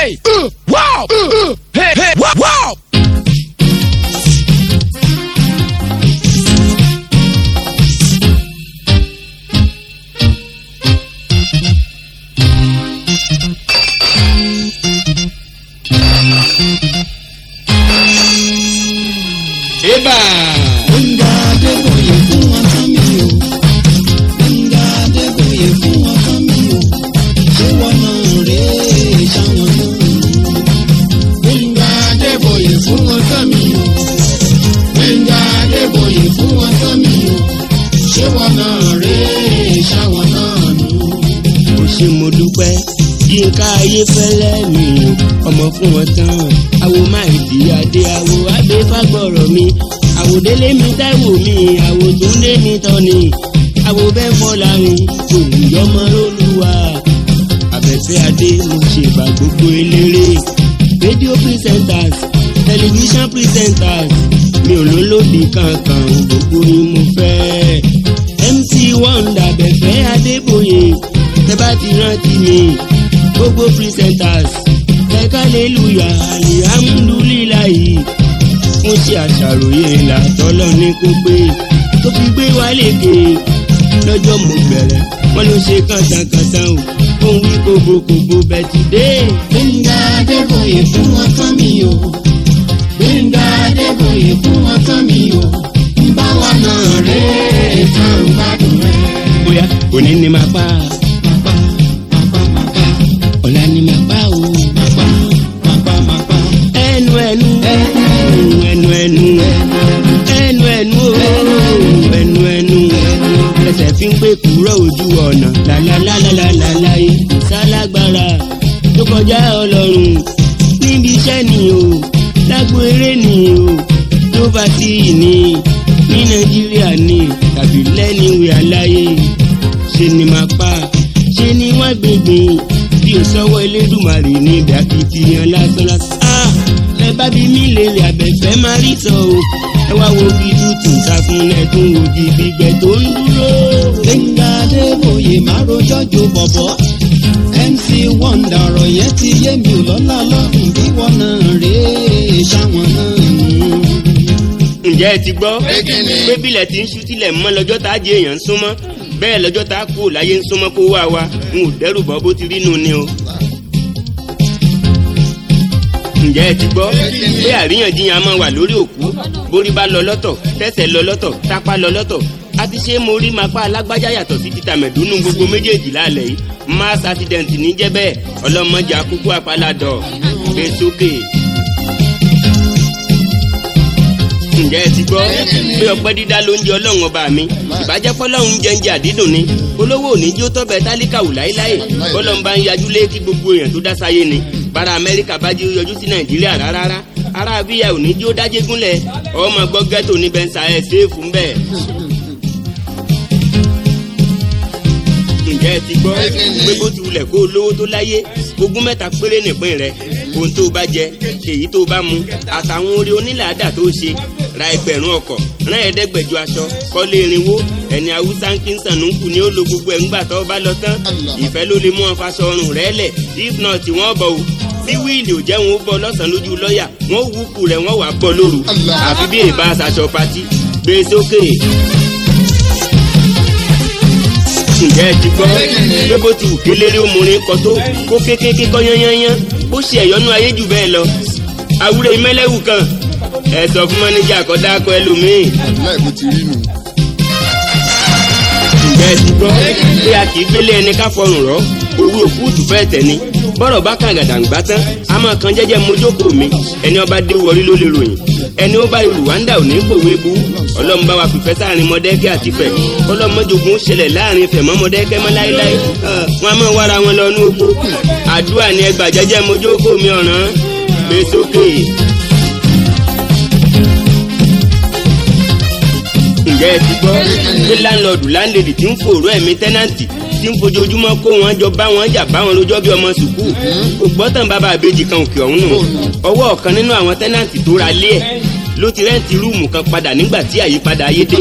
Hey! Uh, wow! Uh, uh, hey! Hey! Wow! yínká ayéfẹ́lẹ́ mi ọmọ fún wọn tán àwo máa di adé àwo adé fagbọ̀rọ̀ mi àwo délé mi táìwò mi àwo túndé mi tọ́ni àwo bẹ́ẹ̀ fọ́lá mi olùyọmọ lóluwà àbẹ̀fẹ́ adé mo ṣèbà gbogbo eléré Radio presenters television presenters mi ò lólódì kankan gbogbo ni mo fẹ́ MC Wonder bẹ̀fẹ́ adébóyè tẹ bá ti rántí mi gbogbo presenters ẹ̀ka lélùyà alihamudulilayi ó ṣe àṣàròyé làtọ́lọ́ ní kó pé tó fi gbé wa lékè lọ́jọ́ mo bẹ̀rẹ̀ wọ́n ló ṣe kàtàkàtà o ó ń wí kòbókòbó bẹ́tìdé. gbẹ̀ngà adébòye fún wọn kán mi o gbẹ̀ngà adébòye fún wọn mi o ń bá wa náà rèé tán ń bá dùn rẹ̀. bóyá òní ni màá pa á. ẹnu ẹnu ẹnu ẹnu ẹnu ẹnu ẹsẹ̀ fi ń gbé kúrò ojú ọ̀nà làlàlàlàlàyé sálágbára e. tó kọjá ọlọ́run níbi iṣẹ́ ni o lágbo eré ni o tó bá ti ní ní nàìjíríà ni tàbí lẹ́ni ìwé aláyé ṣe ni màá pa ṣe ni wọ́n gbìngbìn bí o sọ́wọ́ elédùnmarè ní ìdákìtì yan lásán lásán. Ah! bá bí mí lèrè àbẹ̀fẹ́ máa rí sọ o ẹ wá wo gidi tún takunlẹ̀ tún òdì gbígbẹ́ tó ń dúró. gbẹ̀ngà adébòye máa rojọ́ jo bọ̀bọ̀ mc wonder ọ̀rọ̀ yẹn ti yé mi ò lọ́lá lọ́dún bí wọ́n náà rèé ṣáwọn náà ǹjẹ́ ẹ ti gbọ́ pé bílẹ̀ ti ń ṣú tilẹ̀ mọ́ lọ́jọ́ tá a jẹ èèyàn ń súnmọ́ bẹ́ẹ̀ lọ́jọ́ tá a kú láyé ń súnmọ́ kó wá wa n ò dẹ́rù bọ́ bó ti rí nu ni o ǹjẹ́ ẹ ti gbọ́ pé àríyànjiyàn máa wà lórí òkú borí bá lọ lọ́tọ̀ tẹ̀sẹ̀ lọ lọ́tọ̀ tápá lọ lọ́tọ̀ àti ṣé mo rí mapá alágbájá yàtọ̀ sí títa mẹ̀dúnú gbogbo méjèèjì lálẹ́ yìí mass accident ní jẹ́ bẹ́ẹ̀ ọlọ́mọdé akúkú àpàládọ̀ gbé sókè. ǹjẹ́ ẹ ti gbọ́ pé ọpẹ́ dídá ló ń jẹ ọlọ́run ọba mi ìbàjẹ́ fọlọ́run jẹ́ǹjẹ́ àdídùn ni olówó òní jó tọ́bẹ̀ tálíkà wù láéláé bọ́lọ́mbà ń yajú lé kí gbogbo èèyàn tó dá sáyé ni bára amẹ́ríkà bá jí yọjú sí nàìjíríà rárá ara bíyà ò ní jí ó dájé gúnlẹ̀ ọmọ gbọ́ ghetto ní bẹ́ńsà ẹ̀ séèfù ńbẹ̀. ǹjẹ́ ẹ ti gbọ́ pé bó ti wulẹ̀ kó o lówó tó láyé ogún mẹ́ta péré nìpín rẹ̀ ohun tó bá jẹ èyí tó bá mu àtàwọn orí onílàádà tó ṣe ra ẹgbẹ̀rún ọkọ̀ rán ẹ̀ẹ́dẹ́gbẹ̀jọ aṣọ kọ́lé irinwó ẹni haúsá ń kí ń sànù ń kù ó lo gbogbo ẹ̀ ńgbà tó bá lọ tán ìfẹ́ ló lè mú ọ faṣọ ọrùn rẹ̀ lẹ̀ if not wọ́n bọ̀ o bí wíìlì ò jẹ́ wọn ó bọ́ lọ́sàn-án lójú lọ́ọ̀yà wọn ó wúkú rẹ̀ wọ́n wà á bọ́ lóru àfi bí èèbá aṣọ patí gbé e sókè. ǹjẹ́ ẹ ti gbọ́ pé bó ti wù kéléré ọmọrin kọ tó kó kékeré kọ́ yányányán bó ṣe ẹ̀yọ́nú ayé jù bẹ́ẹ̀ lọ awúrẹ́ mẹ́lẹ́wù kan ẹ sọ fún mọ́nẹ́jà kọ́ dákọ ẹlòmíì. láì bó ti rí nù ǹjẹ́ ẹ ti gbọ́ pé a kì í gbélé ẹni ká fọrùn rọ́ ewé òkúùtù fẹ́ tẹ̀ni bọ́rọ̀ bá kàn gàdàǹgbà tán a máa kan jẹ́jẹ́ mojókòó mi ẹni ọba dé wọlé ló lè ròyìn ẹni ó bá olùwàndà ò ní pòwe bu ọlọ́run bá wa fìfẹ́ sáàrin mọ́dẹ́kẹ́ àti fẹ̀ ọlọ́mọdógún ṣẹlẹ̀ láàrin fẹ̀ mọ́ mọ́dẹ́kẹ́ mọ́ láéláé wọn a máa wára wọn lọ ní oko àdúrà ni ẹgbà jẹ́jẹ́ mojókòó mi ọ̀ràn gbé sókè. ǹjẹ́ ẹ ti gbọ́ pé láńlọ́ọ̀dù láńlẹ́dì ti ń fòrò ẹ̀mí tẹ́nàntì tí ń fojoojúmọ́ kó wọn jọ bá wọn jà bá wọn lójọ́ bí ọmọ sùkú kò gbọ́tàn bàbá àbejì kan òkè ọ̀hún nù ọwọ́ ọ̀kan nínú àwọn tẹ́nàntì tó ra lé ẹ̀ ló ti rẹ́ǹtì rúùmù kan padà nígbà tí àyípadà ayé dé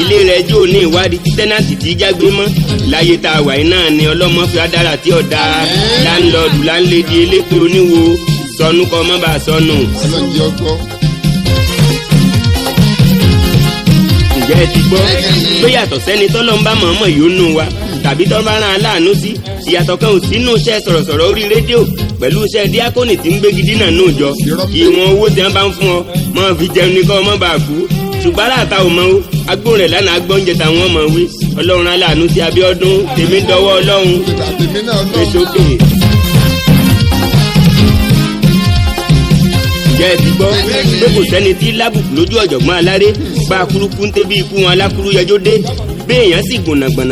ilé rẹ̀ jó ní ìwádìí tí tẹ́nàntì ti jágbe mọ́ láyé tá a wà yìí náà ni ọlọ́mọ fi adára tí ọ̀dà láńlọ́ọ̀dù láńlédi elépo oníwo sọnù kọ́ mọ́ bá sọnù. ǹjẹ́ ẹ ti gbọ́ pé yàtọ̀ sẹ́ni tọ́lọ́mbà mọ̀ọ́mọ̀ yóò nù wa tàbí tọ́ba rán aláàánú sí ìyàtọ̀ kan ò sínú iṣẹ́ sọ̀rọ̀sọ̀rọ̀ orí rédíò pẹ̀lú iṣẹ́ díákónì tí ń gbégi dínà náà jọ kí wọn owó tí wọn bá ń fún ọ mọ fi jẹun ní kọ́ ọmọ bá kú ṣùgbọ́n aláàtà ò mọ o agbó rẹ̀ lánàá agbóúnjẹ táwọn ọmọ wí ọlọ́run aláàánú sí Abíọ́dún tèmi dọwọ́ ọlọ́run fèsókè. jẹ́ ti gbọ́ pé kò sẹ́ni tí lábùkù lójú ọ̀jọ̀gbọ́n aláré bá a kúrúkú ń tẹ́ bí ikú wọn alákúrú yẹjọ́ dé bí èèyàn sì wọn àpè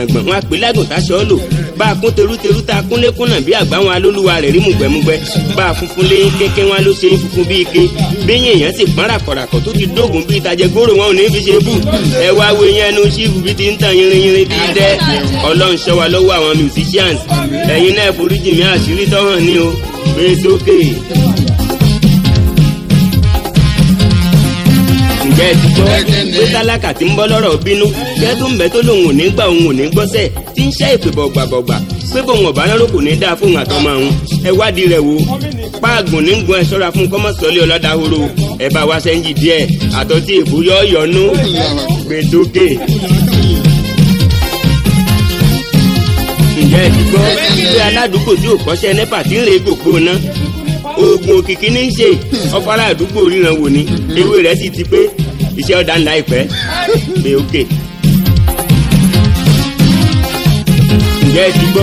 lágùn táṣọ lò bá a kún terúterú tá a kún lékúnà bí àgbà wọn alólùwà rẹ̀ rí mùgbẹ́mùgbẹ́ bá a léyìn kéńké wọn ló ṣe funfun bíi ike bí èèyàn sì pọ́n ràkọ̀ràkọ̀ tó ti dógùn bíi ìtajà gbòòrò wọn ò ní fi ṣe bù ẹ wá wo yẹn ẹnu ṣíìfù bíi ti ń tàn bíi dẹ musicians náà mi àṣírí tọ́hàn ni o jẹ́ tijọ́ ó tálákà tí ń bọ́ lọ́rọ̀ bínú jẹ́ tó ń bẹ́ tó lòun ò ní gbà òun ò ní gbọ́sẹ̀ tí ń ṣe ìpè bọ̀gbàbọ̀gbà pé bòun ọ̀bá lọ́rọ̀ kò ní dáa fóun àtọmọ òun ẹ wádìí rẹ̀ wò páàgùn ní gun ẹ̀ṣọ́ra fún kọ́mọ́sọ́lé ọlọ́dàhóró ẹ bá wa sẹ́yìn díẹ̀ àtọ́tí ìbúyọ́ yọnú gbẹdókè. ǹjẹ́ ẹ ti gbọ́ pé aládùúgbò tí ò kọ́ṣẹ́ nípa tí ń re gbogbo náà oògùn òkìkí ní í ṣe ọ̀fọ̀ aládùúgbò ríran wò ni ewé rẹ̀ sì ti pé iṣẹ́ ọ̀dà ńlá ìpẹ́ pé ókè. ǹjẹ́ ẹ ti gbọ́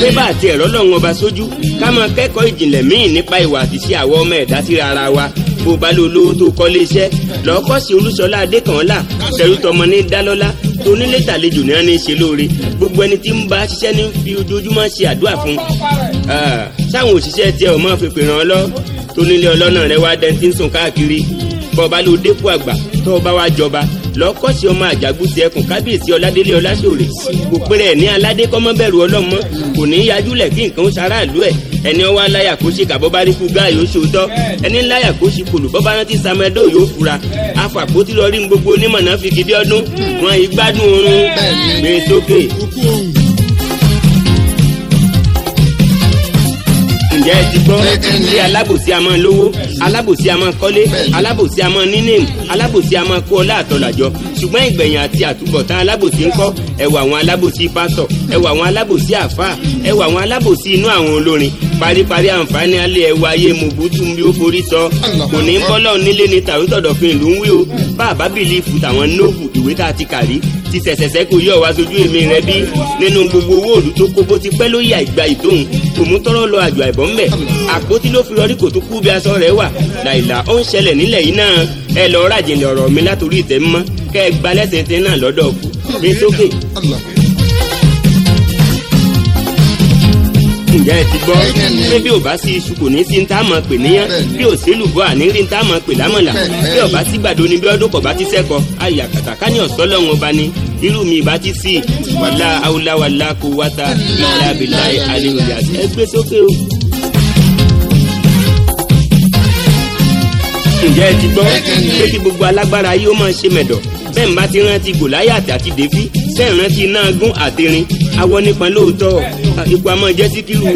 pé bá àti ẹ̀rọ lọ́wọ́n ọba sójú ká máa kẹ́kọ̀ọ́ ìjìnlẹ̀ míì nípa ìwà àtiṣe àwọn ọmọ ẹ̀dá síra ara wa bó o bá lé olówó tó kọ́ lé iṣẹ́ lọ́kọ́ sí olúṣọlá adékànlá tẹ̀rù tọmọ ní dálọ́lá tonílé tàlejò ní ẹni ṣe lóore gbogbo ẹni tí ń bá ṣiṣẹ́ ní fi ojoojúmọ́ ṣe àdúrà fún sáwọn òṣìṣẹ́ tiẹ̀ ọmọ fèpè ràn ọ́ lọ tonílé ọlọ́nà rẹ wá dẹ́ntí káàkiri bọ́ọ̀ bá dépò àgbà tó bá wá jọba lọ́kọ̀ṣe ọmọ àjàgùsì ẹkùn kábíyèsí ọládélé ọlásòrè kò péré ẹ̀ ní aládé kọ́mọ́bẹ̀rù ọlọ́mọ kò ní í yajúlẹ̀ kí nǹkan ó sara ìlú ẹ̀ ẹni ọwọ́ aláyà kó ṣe kàbọ́ bá rí kú gáà yóò ṣòótọ́ ẹni láyà kó ṣe kòlù bọ́ rántí samedo yóò fura afọ àpótí lọ rí gbogbo onímọ̀ náà fi gidi ọdún wọn ì gbádùn oorun gbé e ǹjẹ́ ẹ ti gbọ́ pé alábòsí a máa lówó alábòsí a máa kọ́lé alábòsí a máa nínéèmù alábòsí a máa kó ọlá àtọ̀làjọ ṣùgbọ́n ìgbẹ̀yìn àti àtúbọ̀tán alábòsí ńkọ́ ẹ̀wọ̀ àwọn alábòsí pásọ̀ ẹ̀wọ̀ àwọn alábòsí àfà ẹ̀wọ̀ àwọn alábòsí inú àwọn olórin paríparí àǹfààní alẹ́ ẹ̀wọ̀ ayé mùbútù mi ó forí sọ kò ní bọ́lọ̀ nílé ni tàbí tọ̀dọ̀ fi ìlú ń wí o bàbá bìlífù tàwọn nóòbù ìwé tá a ti kàrí ti sẹ̀sẹ̀sẹ̀ kò yọ̀ wá sójú èmi rẹ bí nínú gbogbo owó òòlù tó kó bó ti pẹ́ lóyè àìgbà ìtòhùn kò lọ àjò àìbọ̀ ńbẹ̀ àpótí ló fi rọrí kò tún kú bí aṣọ rẹ̀ wà làìlà ó ń ṣẹlẹ̀ nílẹ̀ yìí náà ẹ lọ rájìnlẹ̀ ọ̀rọ̀ mi látòrí ìtẹ́ mọ́ kẹ́ ẹ gbalẹ́sẹ̀ tí náà lọ́dọ̀ kù ní sókè. ǹjẹ́ ẹ ti gbọ́ pé bí ò bá sí iṣu kò ní sí ń tá a mọ̀ pé níyàn bí ò sí lùbọ́ àní rí ń tá a mọ̀ pé lámọ̀là bí ò bá sí gbàdo ni bí ọdún kọ̀ bá ti sẹ́kọ̀ ayà kàtàkà ní ọ̀sán lọ́wọ́n ọba ni irú mi ìbá ti sí wàlá haúlá wàlá kó wáta ìlà bìlà àlejò àti ẹgbẹ́ sókè o. ǹjẹ́ ẹ ti gbọ́ pé kí gbogbo alágbára yóò máa ṣe mẹ̀dọ̀ bẹ́ẹ̀ ń bá ti rántí gòláyàtì àti dèfí tẹ́ ń rántí náàgún àtẹrin awọ nípa lóòótọ́ ipò àmọ́ jẹ́ síkírù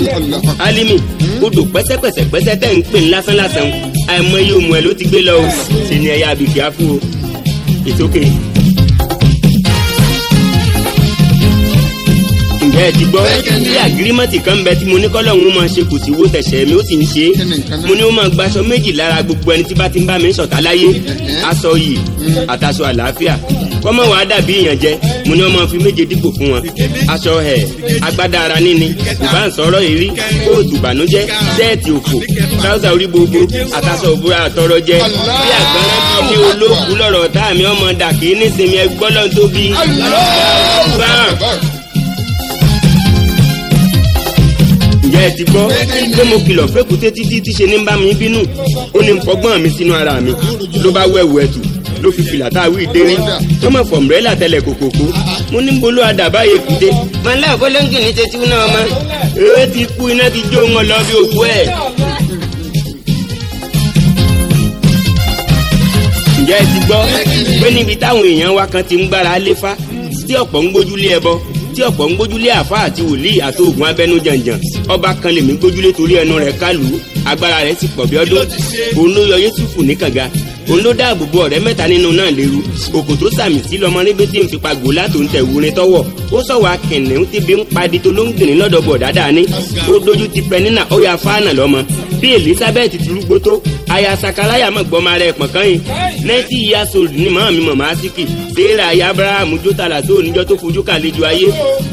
alimi odò pẹ́sẹ́pẹ́sẹ́pẹ́sẹ́ tẹ́ ń pè ní lásánlásán àìmọye òmùẹ́ ló ti gbé lọ o ni ẹ̀yà àbìkí á fún o it's okay. ẹ ti gbọ́ bí agirimọ́tì kan bẹ tí mo ní kọ́lọ̀ máa ṣe kò sí wo tẹ̀sẹ̀ mi ó sì ń ṣe mo ní ó máa gbaṣọ méjì lára gbogbo ẹni tí bá ti ń bá mi ṣọ̀tá láyé aṣọ yìí àtàṣọ àlàáfíà kọ́mọ wàá dàbí ìyànjẹ mo ní ọmọ fi méje dípò fún wọn aṣọ ẹ̀ agbádá ara níní ìbánsọ̀rọ̀ èrí kóòtù ìbànújẹ́ sẹ́ẹ̀tì òfò táwùsà orí gbogbo àtàṣọ òbúra àtọrọ jẹ bí àgbọ̀nrán tó ní olóògùn lọ́rọ̀ tá àmì ọmọ dàkí nísìnyí ẹgbọ́lọ́ tóbi. ẹ ti gbọ́ pé mo kìlọ̀ pé kùté títí tíṣe ní bá mi bínú ó ní fọgbọ́n mi sínú ara mi ló bá wẹ̀wù ẹ̀tù ló fi fìlà tá a wí dé rí tó mọ̀ fọ̀mùrẹ́là tẹlẹ̀ kòkòkò mo ní bolo àdàbà yẹ kùté. màlá àbọ́lẹ́ńgì ní tẹ́tí náà mọ́ èrè ti kú iná ti jó wọn lọ bí òkú ẹ̀. ǹjẹ́ ẹ ti gbọ́ pé níbi táwọn èèyàn wa kan ti ń gbára léfá tí ọ̀pọ̀ ń gbójúlé ẹbọ tí ọ̀pọ̀ ń gbójúlé àfa àti wòlíì àti oògùn abẹ́nú jàǹjàǹ ọba kan lèmi gbójúlé torí ẹnu rẹ̀ kálù agbára rẹ̀ ti pọ̀ bí ọdún òun ló yọ Yéṣùfù ní kànga òun ló dáàbò bo ọ̀rẹ́ mẹ́ta nínú náà léru òkò sàmì sí lọmọ níbi tí n fipá gòlá tó ń tẹ̀ wurin tọ́wọ̀ ó sọ̀wọ́ akẹ̀nẹ̀ ń tẹ́bi ń padi tó ló ń gbìn lọ́dọ̀ bọ̀ dáadáa ní ó dojú ti pẹ́ nínà ó yà fáànà lọ́mọ bí Elizabeth ti rúgbó tó aya sakalaya mọ̀ gbọ́mọ rẹ̀ pọ̀n kan yìí ninety years old ni màá mi màmá siki sarah ya abraham jótàlá tó oníjọ́ tó fojú kàlejò ayé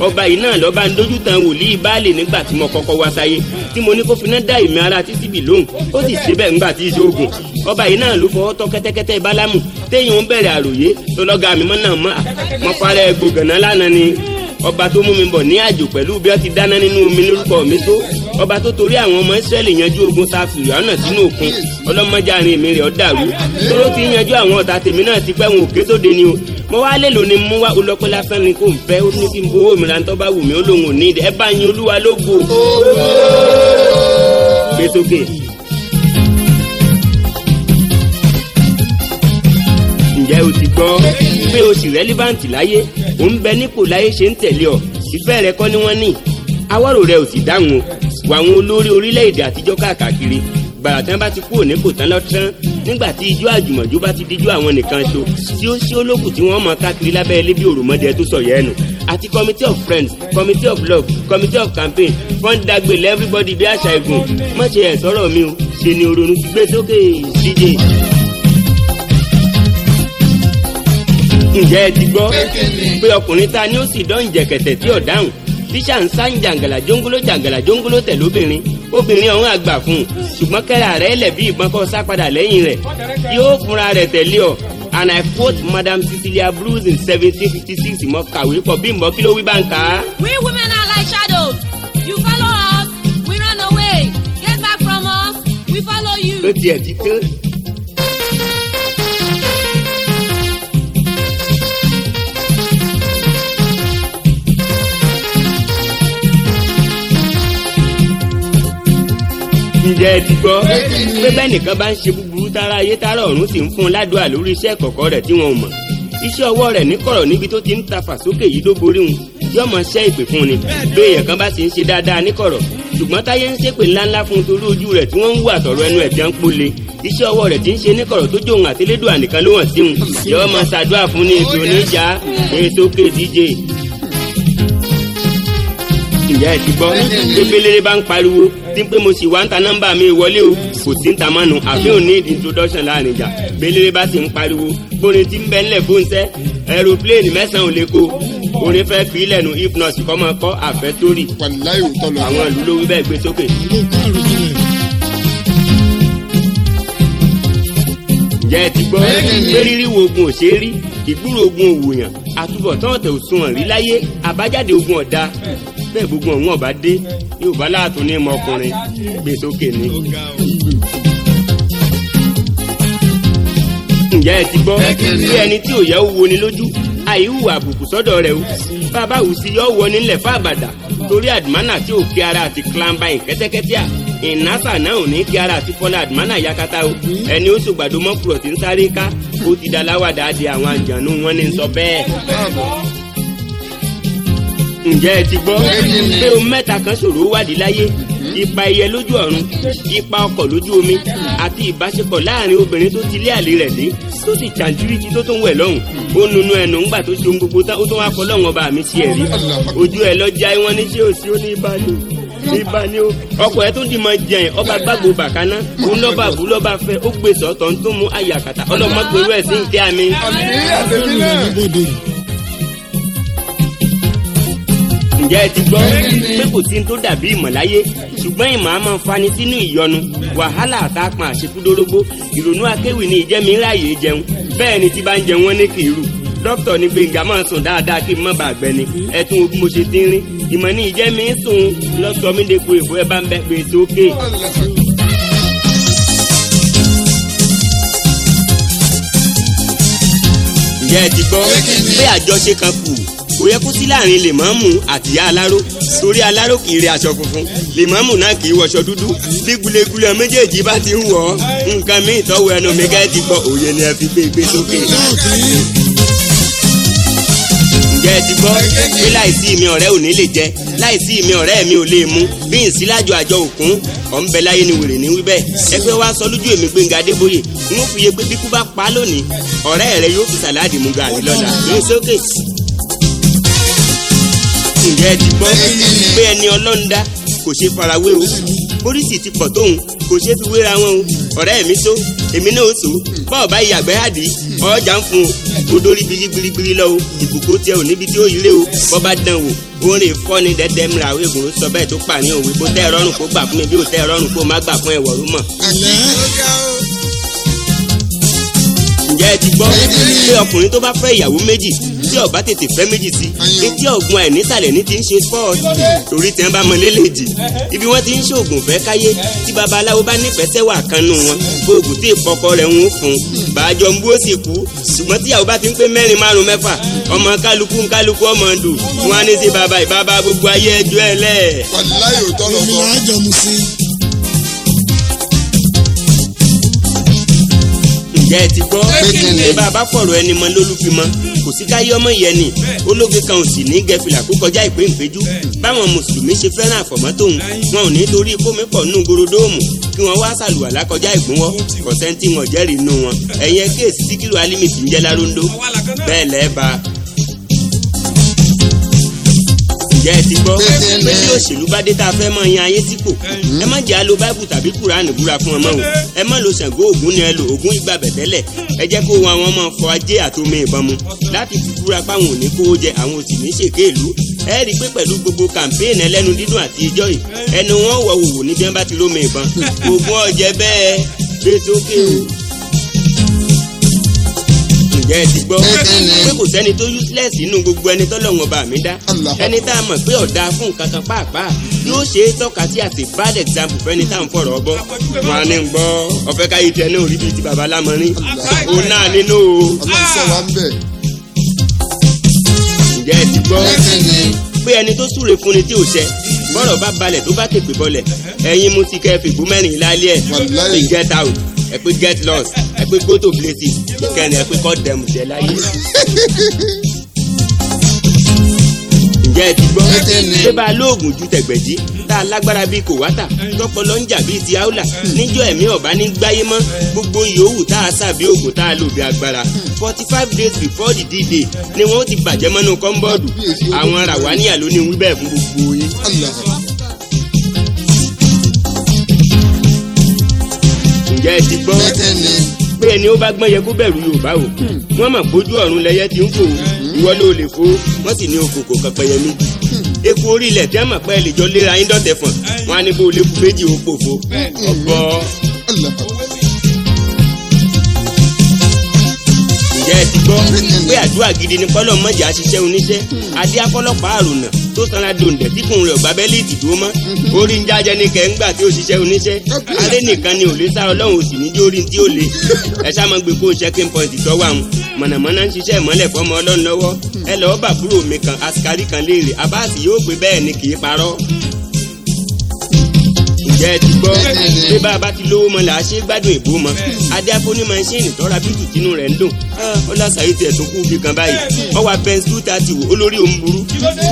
ọba yìí náà lọ́ba ń dojú tan wòlíì baálé nígbà tí mo kọ́kọ́ wá sáyé tí mo ní kó finá dá ìmí ara títí bì lóhùn ó sì ṣe bẹ́ẹ̀ ńgbà tí ìṣoògùn ọba yìí náà ló fọwọ́ tọ́ kẹ́tẹ́kẹ́tẹ́ bálámù téèyàn ń àròyé tọ́lọ́gà mi mọ́ náà mọ́ àmọ́fárẹ́ gbògànná lánàá ni ọba tó mú mi bọ̀ ní àjò pẹ̀lú bí wọ́n ti dáná nínú omi lórúkọ mi tó ọba tó torí àwọn ọmọ Ísírẹ́lì yanjú ogun ta fìrì ọ̀nà sínú òkun ọlọ́mọdé àárín èmi rẹ̀ ọ́ dàrú tóró ti yanjú àwọn ọ̀tá tèmi náà ti pẹ́ wọn òkè tó de ni o mo wá lè lò ní mú wá olọ́pẹ́ lásán ni kò ń fẹ́ ó ní kí n bowó mi rántọ́ bá wù mí ó lòun ò ní ẹ bá yin Olúwa lógo gbé sókè. ǹjẹ́ o ti gbọ́ pé o sì rẹ́líbáǹtì láyé ò ń bẹ nípò láyé ṣe ń tẹ̀lé ọ ìfẹ́ rẹ kọ́ ni wọ́n ní awọ́rò rẹ ò sì dáhùn o wà àwọn olórí orílẹ̀-èdè àtijọ́ káàkiri gbàrà tán bá ti kúrò nípò tán lọ́tán nígbà tí ijó àjùmọ̀jó bá ti díjó àwọn nìkan ṣo tí ó ṣí olókùn tí wọ́n mọ káàkiri lábẹ́ ilé bí òròmọdé tó sọ yẹn nù àti committee of friends committee of love committee of campaign fọ́n dàgbé lẹ́ everybody bí àṣà ìgùn mọ̀ ṣe ẹ̀ sọ̀rọ̀ mi o ṣe ni oronú gbé sókè díje. ǹjẹ́ ẹ ti gbọ́ pé ọkùnrin ta ni ó sì dán ìjẹ̀kẹ̀tẹ̀ tí ò dáhùn tíṣà ń sá ń jàǹgàlà jóńgóló jàǹgàlà jóńgóló tẹ̀ lóbìnrin obìnrin ọ̀hún àgbà fún un ṣùgbọ́n kẹ́ra rẹ̀ lẹ̀ bí ìbọn kọ́ sá padà lẹ́yìn rẹ̀ yóò fúnra rẹ̀ tẹ̀lé ọ and I quote Madam Cecilia Bruce in seventeen fifty six mọ kàwé pọ̀ bí mọ kí ló wí bá ń kà á. We women are like shadows you follow us we run away get back from us we follow you. ó tiẹ̀ ti tán. ǹjẹ́ ẹ ti gbọ́ pé bẹ́ẹ̀ nìkan bá ń ṣe búburú tára ayé tára ọ̀run sì ń fún un ládùá lórí iṣẹ́ ìkọ̀kọ̀ rẹ̀ tí wọn mọ̀ iṣẹ́ ọwọ́ rẹ̀ níkọ̀rọ̀ níbi tó ti ń ta fàsókè yìí ló borí wọn yóò mọ ṣẹ́ ìpè fún ni bí èèyàn kan bá sì ń ṣe dáadáa níkọ̀rọ̀ ṣùgbọ́n táyé ń ṣépè ńláńlá fún un torí ojú rẹ̀ tí wọ́n ń wà tọ̀rọ̀ ẹnu ẹ̀ jẹ́ ń pọ́lé iṣẹ́ ọwọ́ rẹ̀ ti ń ṣe níkọ̀rọ̀ tó jóun àtẹlẹ́dùn ànìkan ló hàn sí wọn yóò mọ ṣàdúrà fún ni ìdùnnú ìjà èso kejì jẹ́ ǹjẹ́ ẹ ti gbọ́ pépélére bá ń pariwo tí pé mo sì wá ń ta nọ́mbà mi wọlé o kò sí ń ta mọ́nu àfihàn ní introduction láàrin ìjà pépélére bá sì ń pariwo bóni ti ń bẹ́ ńlẹ̀ bóńsẹ́ aeroplane mẹ́sàn-án ò lè ko orin fẹ́ fi ilẹ̀ nu hypnosis kọ́ mọ́ kọ́ àfẹ́ sórí àwọn ìlú ló wí bẹ́ẹ̀ gbé sókè. ǹjẹ́ ẹ ti gbọ́ pé rírí wo oògùn ò ṣeé rí ìgbúrò ogun òwòyàn àtúbọ̀tán ọ̀tẹ̀ òsùnwọ̀n rí láyé àbájáde ogun ọ̀dà bẹ́ẹ̀ gbogbo ọ̀hún ọ̀bá dé yorùbá láàtún ní ọmọkùnrin gbé sókè ni. ǹjẹ́ ẹ ti gbọ́ bí ẹni tí òyà ó wo ni lójú àìhùwà àbùkù sọ́dọ̀ rẹ̀ o bàbá òsì yọ wọ nílẹ̀ fábàdà torí àdìmánà tí òkè ara àti clanba ìkẹ́tẹ́kẹ́tẹ́ à ìnásà náà ò ní kí ara àti fọlá àdìmánà yakata o ẹni ó sògbàdo mọ́kùrọ̀ tí ń sáré ká ó ti daláwàdà di àwọn àjànú wọn ní sọ bẹ́ẹ̀ ǹjẹ́ ẹ ti gbọ́ pé ohun mẹ́ta kan ṣòro wádìí láyé ipa ẹyẹ lójú ọ̀run ipa ọkọ̀ lójú omi àti ìbáṣepọ̀ láàrin obìnrin tó ti lé àlè rẹ̀ dé tó sì jàǹdíríkì tó tó ń wẹ̀ lọ́hùn ó nunu ẹnu ńgbà tó ṣe ohun gbogbo tán ó tún wá kọ́ lọ́wọ́n ọba mi ti ẹ̀ rí ojú ẹ lọ já wọn ní ṣé ò sí ó ní ibà ni ibà ni ó ọkọ̀ ẹ tó di mọ jẹun ọba gbàgbó bàkánná òun lọ́ba àbú lọ́ba fẹ́ ó gbèsè ọ̀tọ̀ ń tó mú àyàkàtà ọlọ́mọ ǹjẹ́ ẹ ti gbọ́ pé kò sí ní tó dàbí ìmọ̀ láyé ṣùgbọ́n ìmọ̀ a máa fani sínú ìyọnu wàhálà àtàpọ̀n àṣekúdórógbó ìrònú akéwì ni ìjẹ́mi ráàyè jẹun bẹ́ẹ̀ ni tí bá ń jẹ wọ́n ní kìrù dókítà ní gbẹ̀ngà máa sùn dáadáa kí n má bàa gbẹ ni ẹ̀tún ogun mo ṣe ti ń rí ìmọ̀ ní ìjẹ́mi sùn lọ́sọ̀mídẹ́kù èkó ẹ bá ń bẹ gbèsè òkè. ǹjẹ́ ẹ ti gbọ́ pé àjọṣe kan kù kò yẹ kó sí láàrin lèmọ́mù àtìyá aláró torí aláró kì í rẹ aṣọ funfun lèmọ́mù náà kì í wọṣọ dúdú bí gulegule méjèèjì bá ti ń wọ̀ nǹkan mi ìtọ́wò ẹnu mi ká ẹ ti gbọ́ òye ni ẹ fi gbé gbé sókè. ǹjẹ́ ẹ ti gbọ́ pé láìsí mi ọ̀rẹ́ ò ní lè jẹ láìsí mi ọ̀rẹ́ mi ò lè mú bí n sí lájọ àjọ òkun ọ̀nbẹ láyé ni wèrè ní wíbẹ̀ ẹgbẹ́ wa sọ lójú èmi Gbénga Adébóyè n fi ye pé bí bá pa lónìí ọ̀rẹ́ rẹ yóò fi sàláàdì ǹjẹ́ ẹ ti gbọ́ pé ẹni ọlọ́run kò ṣe farawé o bóríṣì ti pọ̀ tóun kò ṣe fi wéra wọn o ọ̀rẹ́ mi tó èmi náà tó bọ́ọ̀ bá ìyàgbẹ́ àdì ọjà ń fún o odori bili gbirigbiri lọ o ìkòkò tiẹ̀ ò níbi tí ó yílé o bọ́ba dán o orin ìfọ́ni dẹ́dẹ́ mìíràn àwọn ègùn sọ bẹ́ẹ̀ tó pàní òwe bó tẹ́ ẹ̀rọ́rùn kó gbà fún mi bí ó tẹ́ ẹ̀rọ́rùn kó má gbà fún ẹ̀wọ̀rú mọ̀ ǹjẹ́ ẹ ti gbọ́ pé ọkùnrin tó bá fẹ́ ìyàwó méjì tí ọba tètè fẹ́ méjì sí etí ọ̀gbun àìnísàlẹ̀ ní ti ń ṣe sport torí tẹ́ ń bá mọ lélẹ́jì ibi wọ́n ti ń ṣoògùn fẹ́ káyé tí babaláwo bá nífẹ̀ẹ́ sẹ́wà kan nù wọn gbóògùn tí ìpọkọ rẹ̀ ń fún bàjọ́ ń bú ó sì kú ṣùgbọ́n tíyàwó bá ti ń pé mẹ́rin márùn mẹ́fà ọmọ kálukú kálukú ọmọ ndù wọn á ní sí bàbá ìbàbá gbogbo ayé ẹjọ́ ẹ wàlúùláyò tọ́lọ̀ sọ. èmi máa jọ mu sí i. ṣe ti gbọ́ ṣé bàbá fọ̀rọ̀ ẹni mọ lólùfimọ́ kò sí káyé ọmọ yẹn ni ológe kan ò sì ní gẹfìlà kó kọjá ìpín ìpéjú báwọn mùsùlùmí ṣe fẹ́ràn àfọ̀mọ́tòun wọn ò ní torí kómi pọ̀ nù gorodóòmù kí wọ́n wá sàlùwàlá kọjá ìgbínwọ́ kọ̀sẹ́ntì wọn jẹ́rìí nù wọn ẹ̀yẹ kéèsì síkìlù alímì ń jẹ́ láróńdó bẹ́ẹ̀ lẹ́ẹ̀ bá a ǹjẹ́ ẹ ti gbọ́ pé bí òṣèlú bá dé tá a fẹ́ mọ yan ayé sípò ẹ má jẹ́ alo báìbù tàbí kùránì búra fún ọmọ o ẹ má lo Ṣàngó Ògún ni ẹ lo Ògún igba bẹ̀tẹ́lẹ̀ ẹ jẹ́ kó wọn àwọn ọmọ fọ ajé àtomi ìbọn mu láti fi búra páwọn ò kówó jẹ àwọn òsì ní ṣèké ìlú ẹ rí i pé pẹ̀lú gbogbo kàmpéènì ẹlẹ́nu dídùn àti ijọ́ yìí ẹnu wọn wọ̀ wò ní bí bá ti lómi ìbọn Ògún ọ̀jẹ̀ bẹ́ẹ̀ gbé sókè ǹjẹ́ ẹ ti gbọ́ pé kò sẹ́ni tó useless inú gbogbo ẹni tọ́lọ́run ọba mi dá ẹni tá a mọ̀ pé ọ̀dà fún nǹkan kan pàápàá yóò ṣe é tọ́ka sí àti bad example fẹ́ni tá à ń fọ̀rọ̀ ọbọ̀ wọn á ní ń gbọ́ ọ̀fẹ́ káyé tiẹ̀ náà rí bíi ti bàbá lámọ́rin òun náà nínú o. ǹjẹ́ ẹ ti gbọ́ pé ẹni tó súre fúnni tí ò ṣẹ bọ́rọ̀ bá balẹ̀ tó bá tèpè bọlẹ̀ ẹ̀yin mú ti kẹ́ fìbú mẹ́rin lálẹ́ ẹ̀ pé get out ẹ̀ pé get lost pé go to places ẹ pé kọ́ dẹ̀mù jẹ láyé. ǹjẹ́ ẹ ti gbọ́ ṣé bá a lóògùn ju tẹ̀gbẹ̀dí tá a lágbára bíi kòwátà tọpọlọ ń jà bíi ti áúlà níjọ́ ẹ̀mí ọ̀bá ní gbáyé mọ́ gbogbo yòówù tá a sàbí ògùn tá a lò bí agbára forty five days before the d-day ni wọ́n ti bàjẹ́ mọ́nú kọ́ńbọ́ọ̀dù àwọn ràwáníà ló ní wí bẹ́ẹ̀ fún gbogbo yín. ǹjẹ́ ẹ ti gbọ́ pé ẹni ó bá gbọ́n yẹ kó bẹ̀rù Yorùbá o hmm. wọ́n mọ̀ bójú ọ̀run lẹyẹ ti ń fò hmm. ìwọ ló lè fò wọ́n sì ní okòkò kan pẹyẹ hmm. eku orí tí a mọ̀ pé lè jọ léra yín dọ̀tẹ̀ fọ̀n wọn á ní bó o lè kú méjì ó pòfo ọgbọ́n. ṣe ti gbọ́ pé àdúrà gidi ni kọ́lọ̀ mọ́jà ṣiṣẹ́ oníṣẹ́ adé akọ́lọ́pàá àrùnà tó sanra dòǹdẹ̀ tí kùn rẹ̀ gbábẹ́ lè dìbò mọ́ orí ń jájẹ ní kẹ́ńgbà tí ó ṣiṣẹ́ oníṣẹ́ alẹ́ nìkan ni ò lè sá ọlọ́run òsì ní jórí tí ó le ẹ gbé kó point tọ́wọ́ àwọn mọ̀nàmọ́ná ń ṣiṣẹ́ ìmọ́lẹ̀ fọmọ ọlọ́run lọ́wọ́ ẹ lọ́ọ́ mi kan kan léèrè yóò ṣe ti gbọ́ pé bàbá ti lówó mọ là á ṣe gbádùn ìbò mọ adé afóní máa ń ṣe ìnìtọ́ra bíjù tínú rẹ̀ ń dùn ọlá sàyè tiẹ̀ tó kú fi kan báyìí ọwà bẹ́ńsì two thirty wò olórí òun burú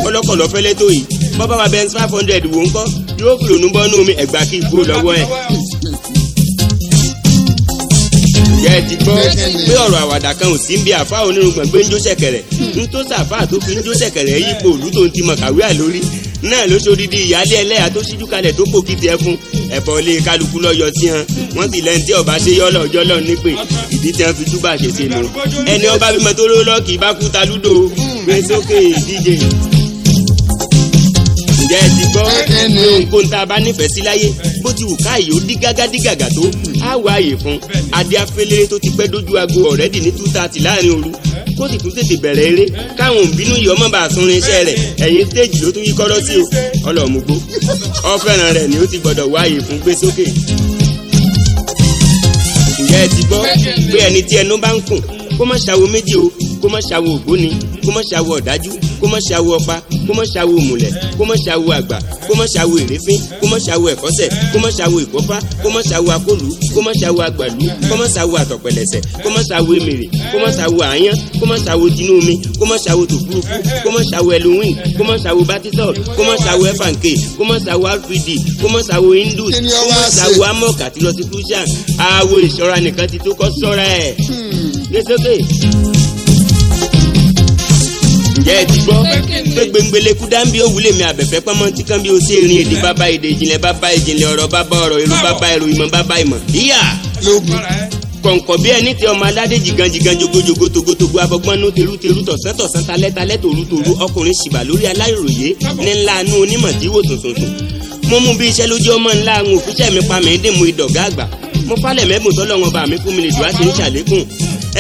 ọlọ́kọ̀lọ́ fẹ́lẹ́ tó yìí bọ́bá wa bẹ́ńsì five hundred wò ń kọ́ yóò fìlò nú bọ́nú omi ẹ̀gbà kí ìgbó lọ́wọ́ ẹ̀ jẹ́ ti gbọ́ pé ọ̀rọ̀ àwàdà kan ò sí ń bí àfa onírúgbọ̀n gbé ń jó ṣẹ̀kẹ̀rẹ̀ ń tó sàfà tó fi ń jó ṣẹ̀kẹ̀rẹ̀ yípo òlú tó ń ti mọ̀ kàwé àlórí náà ló ṣodidi ìyáálé ẹlẹ́yà tó ṣíjú kalẹ̀ tó pòkì tiẹ̀ fún ẹ̀fọ́ ilé kálukú lọ́yọ̀ tí hàn wọ́n sì lẹ́ni tí ọba ṣe yọ́lọ̀ ọjọ́lọ̀ nípè ìdí tí wọ́n fi túbà ṣe ṣe lò ẹni ọba bímọ tó ló lọ́ọ̀kì bá kú ta lúdò gbé sókè díje ǹjẹ́ ẹ ti gbọ́ pé nǹkan tá a bá nífẹ̀ẹ́ sí láyé bó ti wù káàyè ó dí gágádígàgà tó á wá fún adé afẹ́lẹ́rẹ́ tó ti pẹ́ dójú aago ọ̀rẹ́dì ní two láàrin òru kó sì tún tètè bẹ̀rẹ̀ eré káwọn òbínú yìí ọmọ bá sun irinṣẹ́ rẹ̀ ẹ̀yìn stéèjì ló tún yí kọ́rọ́ sí o ọlọ́mùgbó ọ̀fẹ́ràn rẹ̀ ni ó ti gbọ́dọ̀ wáyé fún gbé sókè. ǹjẹ́ ẹ ti gbọ́ pé ẹni tí ẹnu bá ń kùn kó má ṣàwo méjì o kó má ṣàwo ògbóni kó má ṣàwo ọ̀dájú kó má ṣàwo ọ̀pá kó má ṣàwo òmùlẹ̀ kó má ṣàwo àgbà kó má ṣàwo ìrẹ́fín kó má ṣàwo ẹ̀kọ́sẹ̀ kó má ṣàwo ìkọ́fá kó má ṣàwo akólu kó má ṣàwo àgbàlú kó má ṣàwo àtọ̀pẹ̀lẹ̀sẹ̀ kó má ṣàwo emèrè kó má ṣàwo àyán kó má ṣàwo tinú omi kó má ṣàwo tòkúrúkú kó má ṣàwo ẹlòwìn kó má ṣàwo batisọl kó má ṣàwo ẹfànkè kó má ṣàwo rpd kó má ṣàwo indus kó má ṣàwo amọk àti lọ sí crucian àwo ìṣọ́ra nìkan ti tó kọ́ sọ́ra ẹ̀ lẹ́sọ̀kè jẹ́ ẹ ti gbọ́ pé gbẹ̀ngbẹ̀lẹ̀ kú dáńbí òwúlẹ̀ mi àbẹ̀fẹ́ pọ́nmọ́ tí kan bí o ṣe rin èdè bàbá èdè ìjìnlẹ̀ bàbá ìjìnlẹ̀ ọ̀rọ̀ bàbá ọ̀rọ̀ irú bàbá irú ìmọ̀ bàbá ìmọ̀ ìyá lóògùn kọ̀ǹkọ̀ bí ẹni tẹ ọmọ aládé jìganjìgan jogojogo togotogo abọ́gbọ́nú terúterú tọ̀sán-tọ̀sán talẹ́talẹ́ tòrútòrú ọkùnrin ṣìbà lórí aláìròyé ní ńlá inú onímọ̀ tí wò tuntun mo mú bí iṣẹ́ lójú ọmọ ńlá àwọn òfíṣẹ́ mi pa mí dèmú ìdọ̀gá àgbà mo falẹ̀ mẹ́bùn tọ́lọ́wọ́n bá mi fún mi lè dùn á ti ń ṣàlékún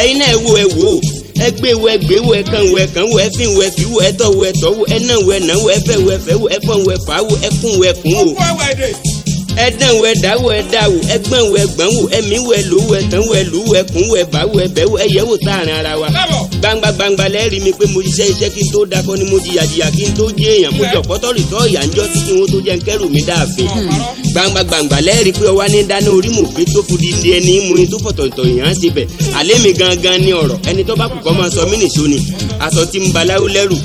ẹ̀yin náà ẹ wo ẹ wò ó ẹgbẹ́ wẹ gbé wẹ kan wẹ kan wẹ fi wẹ fi wẹ tọ wẹ tọ wẹ náà wẹ náà wẹ fẹ wẹ fẹ wẹ fọ wẹ fà wẹ kún wẹ kún o ẹdán wo ẹdáwó ẹdáwó ẹgbọ́n wo ẹgbọ́n wo ẹmí wo ẹlòwó ẹtàn wo ẹlòwó ẹkùn wo ẹbáwó ẹbẹ̀wó ẹyẹwò táàrin ara wa. gbangba gbangba lẹ́rìí mi pé mo ṣiṣẹ́ iṣẹ́ kí n tó dakọ́ ni mo jìyà jìyà kí n tó jẹ́ èèyàn mo jọ̀pọ̀ tọ́lì tọ́ ìyà ńjọ́ tí kí n tó jẹ́ nkẹ́rù mi dáàfin. gbangba gbangba lẹ́rìí pé ọwá ní dáná orí mò pé tó fudi di ẹni múni tó fọ̀tọ̀tọ̀ èèyàn ṣe bẹ̀ alẹ́ mi gangan ni ọ̀rọ̀ ẹni tó bá kù kọ́ máa sọ mí nìṣó ni aṣọ tí ń baláwo lẹ́rù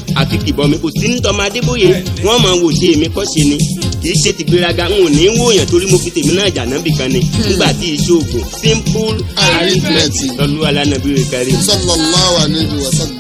mi kò ni kì í ṣe ti gbéraga n ò ní wòyàn torí mo fi tèmi náà jà náà bìkan ni hmm. nígbà tí iṣẹ́ simple arithmetic lọ́lúwa lánàá bí rẹ̀ kárí. sallallahu alaihi wasallam.